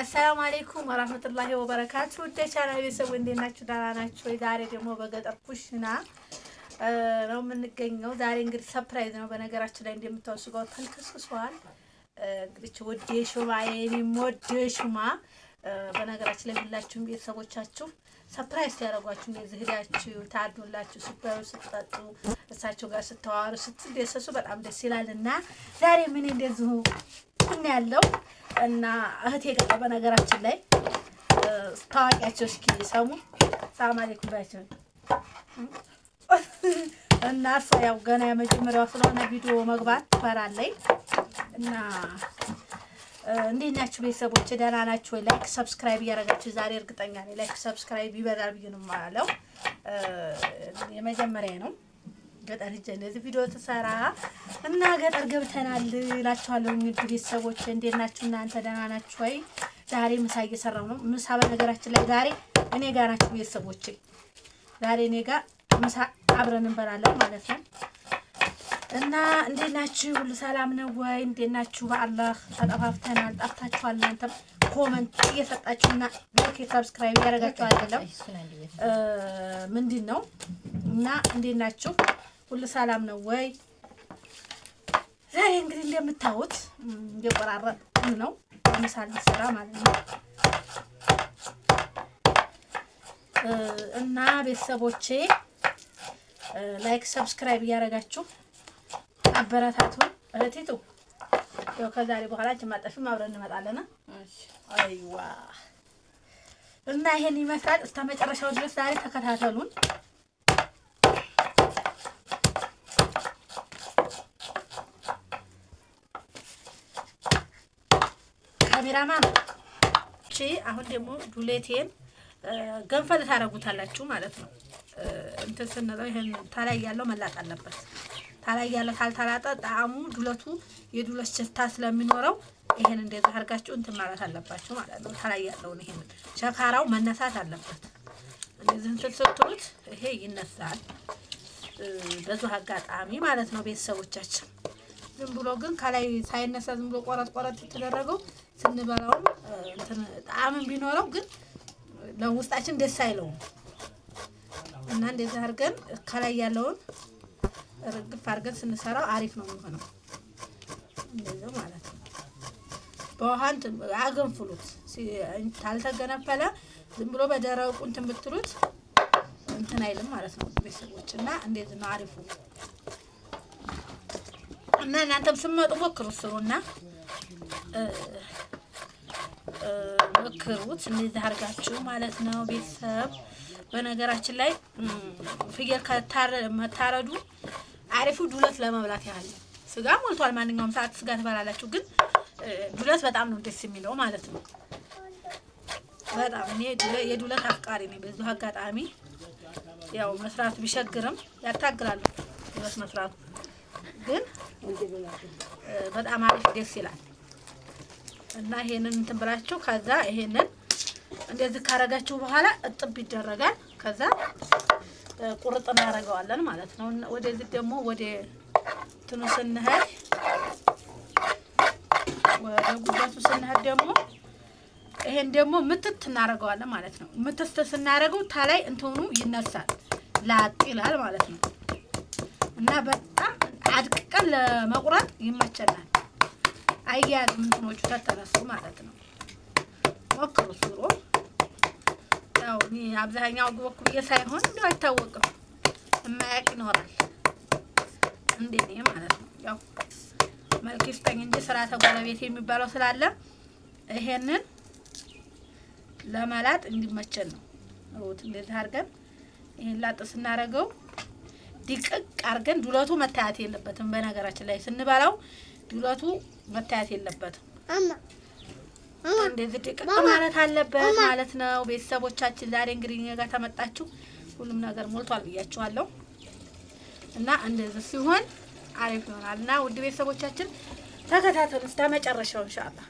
አሰላሙ አሌይኩም ወራህመቱላሂ ወበረካቱ። ውድ የቻናሌ ቤተሰብ እንዴት ናችሁ? ደህና ናችሁ? ዛሬ ደግሞ በገጠር ኩሽና ነው የምንገኘው። ዛሬ እንግዲህ ሰፕራይዝ ነው። በነገራችን ላይ እንደምታወሱ ጋር ተንከስሷል። እንግዲህ ውድ ሹማ የኔም ውድ ሹማ፣ በነገራችን ላይ ሁላችሁም ቤተሰቦቻችሁ ሰፕራይዝ ያደረጓችሁ እንደዚህ ሄዳችሁ ታዱላችሁ፣ ስትበሉ ስትጠጡ፣ እሳቸው ጋር ስትዋሩ ስትደሰሱ በጣም ደስ ይላል እና ዛሬ ምን እንደዚሁ ያለው እና እህቴ ጋር በነገራችን ላይ ታዋቂያቸው እስኪ ሰሙ ሰላም አለይኩም እና እሷ ያው ገና የመጀመሪያው ስለሆነ ቪዲዮ መግባት ትፈራለች። እና እንዴት ናችሁ ቤተሰቦች? ደህና ናችሁ ወይ? ላይክ ሰብስክራይብ እያደረጋችሁ ዛሬ እርግጠኛ ነኝ ላይክ ሰብስክራይብ ይበዛል ብዬ ነው የማለው። የመጀመሪያ ነው ገጠር ሂጅ እንደዚህ ቪዲዮ ትሰራ እና ገጠር ገብተናል እላችኋለሁ። ውድ ቤተሰቦች እንዴት ናችሁ እናንተ? ደህና ናችሁ ወይ? ዛሬ ምሳ እየሰራሁ ነው። ምሳ በነገራችን ላይ ዛሬ እኔ ጋር ናችሁ ቤተሰቦች። ዛሬ እኔ ጋር ምሳ አብረን እንበላለን ማለት ነው። እና እንዴት ናችሁ? ሁሉ ሰላም ነው ወይ? እንዴት ናችሁ? በአላህ ተጠፋፍተናል። ጠፍታችኋል እናንተም ኮመንት እየሰጣችሁና ላይክ ሰብስክራይብ ያደረጋችሁ አይደለም ምንድን ነው እና እንዴት ናችሁ? ሁሉ ሰላም ነው ወይ? ዛሬ እንግዲህ እንደምታዩት እየቆራረጥን ነው ምሳ ስራ ማለት ነው። እና ቤተሰቦቼ ላይክ፣ ሰብስክራይብ እያደረጋችሁ አበረታቱን። እህቴቱ ያው ከዛሬ በኋላ አንቺ ማጠፊም አብረን እንመጣለን። አይዋ እና ይሄን ይመስላል። እስከ መጨረሻው ድረስ ዛሬ ተከታተሉን። ካሜራማን እቺ አሁን ደግሞ ዱሌቴን ገንፈል ታደርጉታላችሁ ማለት ነው። እንትን ስንለው ይሄን ታላይ ያለው መላጥ አለበት። ታላይ ያለው ካልተላጠ ጣዕሙ ዱለቱ የዱለት ሽፍታ ስለሚኖረው ይሄን እንደዛ አድርጋችሁ እንትን ማለት አለባችሁ ማለት ነው። ታላይ ያለውን ይሄን ሸካራው መነሳት አለበት። እንደዚህ እንትን ስትሉት ይሄ ይነሳል። በዙ አጋጣሚ ማለት ነው ቤተሰቦቻችን። ዝም ብሎ ግን ከላይ ሳይነሳ ዝም ብሎ ቆረጥ ቆረጥ የተደረገው ስንበላውም ጣዕምን ቢኖረው ግን ለውስጣችን ደስ አይለውም እና እንደዚህ አድርገን ከላይ ያለውን ርግፍ አድርገን ስንሰራው አሪፍ ነው የሚሆነው። እንደዚህ ማለት ነው። በውሃ አገንፍሉት። ታልተገነፈለ ዝም ብሎ በደረቁ እንትን ብትሉት እንትን አይልም ማለት ነው። ቤተሰቦች እና እንዴት ነው አሪፉ እና እናንተም ስመጡ ሞክሩ ስሩና ሞክሩት እንደዚህ አድርጋችሁ ማለት ነው። ቤተሰብ በነገራችን ላይ ፍየል መታረዱ አሪፉ ዱለት ለመብላት ያህል ስጋ ሞልቷል። ማንኛውም ሰዓት ስጋ ትበላላችሁ፣ ግን ዱለት በጣም ነው ደስ የሚለው ማለት ነው። በጣም እኔ የዱለት አፍቃሪ ነኝ። በዚሁ አጋጣሚ ያው መስራቱ ቢሸግርም ያታግላሉ ዱለት መስራቱ፣ ግን በጣም አሪፍ ደስ ይላል። እና ይሄንን እንትን ብላችሁ ከዛ ይሄንን እንደዚህ ካረጋችሁ በኋላ እጥብ ይደረጋል። ከዛ ቁርጥ እናደርገዋለን ማለት ነው። ወደዚህ ደግሞ ወደ እንትኑ ስንሄድ ወደ ጉዳቱ ስንሄድ ደግሞ ይሄን ደግሞ ምትት እናደርገዋለን ማለት ነው። ምትት ስናደርገው ታላይ እንትኑ ይነሳል፣ ላጥ ይላል ማለት ነው እና በጣም አድቅቀን ለመቁረጥ ይመቸናል። አያያዝ ምንትኖቹ ተተረሱ ማለት ነው። ሞክሩ ስሩ። ያው አብዛኛው ጎክ ብዬ ሳይሆን እንዲ አይታወቅም የማያውቅ ይኖራል እንዴ ማለት ነው። ያው መልክ ይስጠኝ እንጂ ስርዓተ ጎረቤት የሚባለው ስላለ ይሄንን ለመላጥ እንዲመቸን ነው። ሩት እንደዚህ አድርገን ይሄን ላጥ ስናደርገው ድቅቅ አድርገን ዱለቱ መታየት የለበትም። በነገራችን ላይ ስንበላው ዱለቱ መታየት የለበትም። እንደዚህ ድቅቅ ማለት አለበት ማለት ነው። ቤተሰቦቻችን ዛሬ እንግዲህ እኛ ጋር ተመጣችሁ ሁሉም ነገር ሞልቷል ብያችኋለሁ እና እንደዚህ ሲሆን አሪፍ ይሆናል እና ውድ ቤተሰቦቻችን ተከታተሉ እስከ መጨረሻው ኢንሻአላህ።